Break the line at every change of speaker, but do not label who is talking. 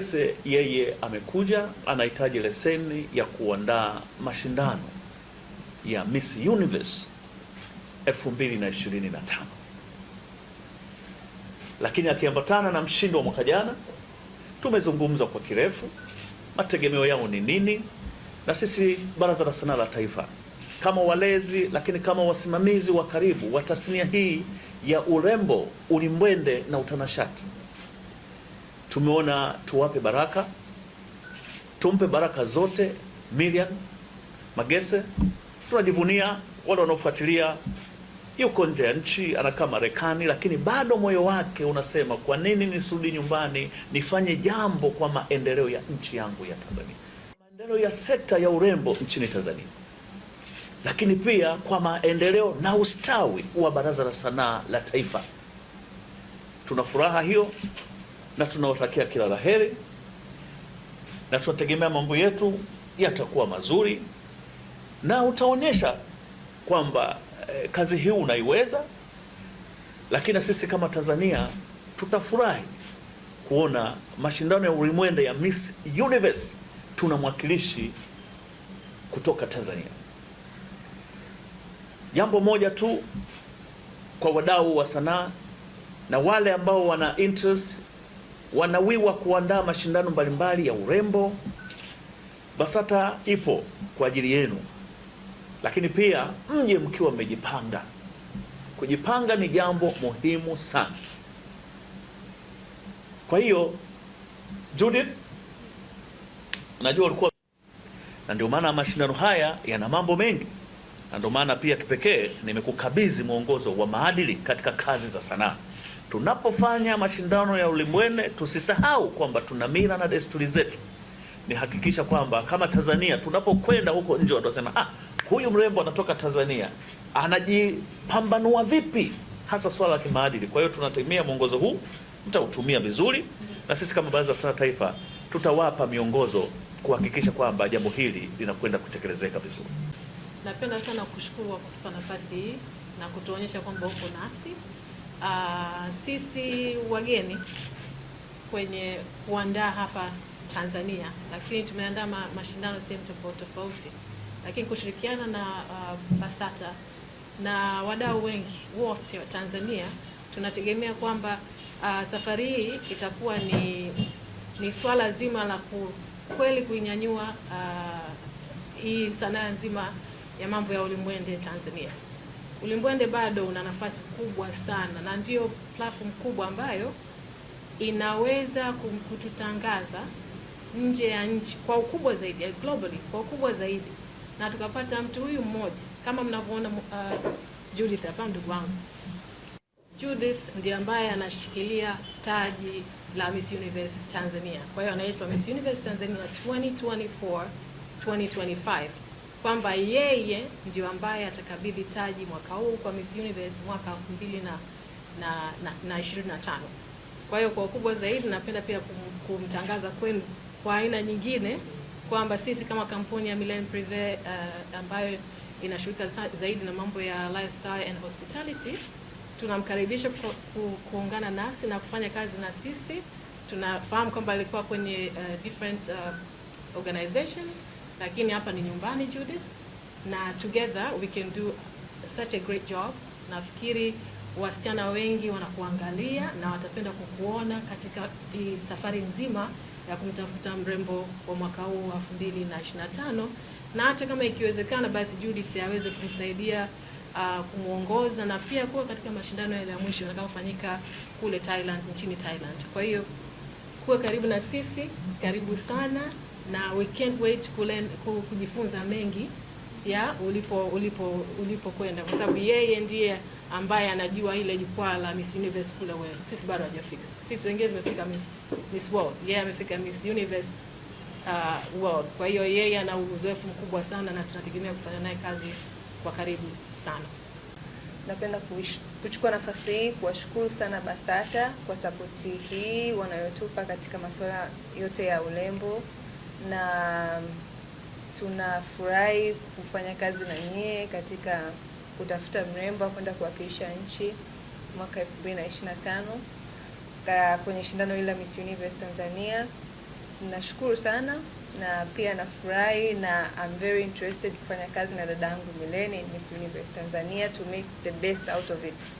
Kese yeye amekuja anahitaji leseni ya kuandaa mashindano ya Miss Universe 2025 lakini akiambatana na mshindi wa mwaka jana. Tumezungumza kwa kirefu mategemeo yao ni nini, na sisi Baraza la Sanaa la Taifa kama walezi, lakini kama wasimamizi wa karibu wa tasnia hii ya urembo, ulimbwende na utanashati tumeona tuwape baraka, tumpe baraka zote Miriam Magese. Tunajivunia wale wanaofuatilia, yuko nje ya nchi, anakaa Marekani, lakini bado moyo wake unasema kwa nini nisirudi nyumbani nifanye jambo kwa maendeleo ya nchi yangu ya Tanzania, maendeleo ya sekta ya urembo nchini Tanzania, lakini pia kwa maendeleo na ustawi wa Baraza la Sanaa la Taifa. Tuna furaha hiyo na tunawatakia kila la heri, na tunategemea mambo yetu yatakuwa mazuri na utaonyesha kwamba eh, kazi hii unaiweza, lakini na sisi kama Tanzania tutafurahi kuona mashindano ya ulimwende ya Miss Universe tuna mwakilishi kutoka Tanzania. Jambo moja tu kwa wadau wa sanaa na wale ambao wana interest wanawiwa kuandaa mashindano mbalimbali ya urembo. BASATA ipo kwa ajili yenu, lakini pia mje mkiwa mmejipanga. Kujipanga ni jambo muhimu sana. Kwa hiyo Judith, najua ulikuwa na ndio maana mashindano haya yana mambo mengi, na ndio maana pia kipekee nimekukabidhi mwongozo wa maadili katika kazi za sanaa tunapofanya mashindano ya ulimbwene tusisahau kwamba tuna mila na desturi zetu. Ni hakikisha kwamba kama Tanzania tunapokwenda huko nje, wasema ah, huyu mrembo anatoka Tanzania, anajipambanua vipi, hasa swala la kimaadili. Kwa hiyo tunategemea mwongozo huu mtautumia vizuri, na sisi kama Baraza la Sanaa Taifa tutawapa miongozo kuhakikisha kwamba jambo hili linakwenda kutekelezeka vizuri.
Napenda sana kushukuru kwa kutupa nafasi hii na kutuonyesha kwamba uko nasi uh, sisi wageni kwenye kuandaa hapa Tanzania, lakini tumeandaa ma, mashindano sehemu tofauti tofauti, lakini kushirikiana na uh, BASATA na wadau wengi wote wa Tanzania tunategemea kwamba uh, safari hii itakuwa ni, ni swala zima la ku, kweli kuinyanyua uh, hii sanaa nzima ya mambo ya ulimwende Tanzania. Ulimbwende bado una nafasi kubwa sana, na ndiyo platform kubwa ambayo inaweza kututangaza nje ya nchi kwa ukubwa zaidi, eh, globally kwa ukubwa zaidi, na tukapata mtu huyu mmoja kama mnavyoona. Uh, Judith hapa, ndugu wangu Judith ndiye ambaye anashikilia taji la Miss Universe Tanzania. Kwa hiyo anaitwa Miss Universe Tanzania 2024 2025 kwamba yeye ndio ambaye atakabidhi taji mwaka huu kwa Miss Universe mwaka 2025 na, na, na, na kwa hiyo kwa ukubwa zaidi napenda pia kum, kumtangaza kwenu kwa aina nyingine kwamba sisi kama kampuni ya Milan Privé uh, ambayo inashughulika zaidi na mambo ya lifestyle and hospitality tunamkaribisha kuungana nasi na kufanya kazi na sisi. Tunafahamu kwamba alikuwa kwenye uh, different uh, organization lakini hapa ni nyumbani Judith, na together we can do such a great job. Nafikiri wasichana wengi wanakuangalia na watapenda kukuona katika hii safari nzima ya kumtafuta mrembo wa mwaka huu wa 2025 na hata kama ikiwezekana, basi Judith aweze kumsaidia uh, kumwongoza na pia kuwa katika mashindano yale ya mwisho yatakayofanyika kule Thailand, nchini Thailand. Kwa hiyo kuwa karibu na sisi, karibu sana na we can't wait kulen, kujifunza mengi ya ulipo ulipo ulipokwenda, kwa sababu yeye ndiye ambaye anajua ile jukwaa la Miss Universe kule wewe. Sisi bado hajafika, sisi wengine tumefika Miss Miss World, yeye yeah, amefika Miss Universe uh, World. Kwa hiyo yeye ana uzoefu mkubwa sana na tunategemea kufanya naye kazi kwa karibu sana.
Napenda kuchukua nafasi hii kuwashukuru sana BASATA kwa sapoti hii wanayotupa katika masuala yote ya urembo na tunafurahi kufanya kazi na nyie katika kutafuta mrembo kwenda kuwakilisha nchi mwaka 2025 kwenye shindano hili la Miss Universe Tanzania. Nashukuru sana na pia nafurahi na I'm very interested kufanya kazi na dadangu Mileni Miss Universe Tanzania to make the best out of it.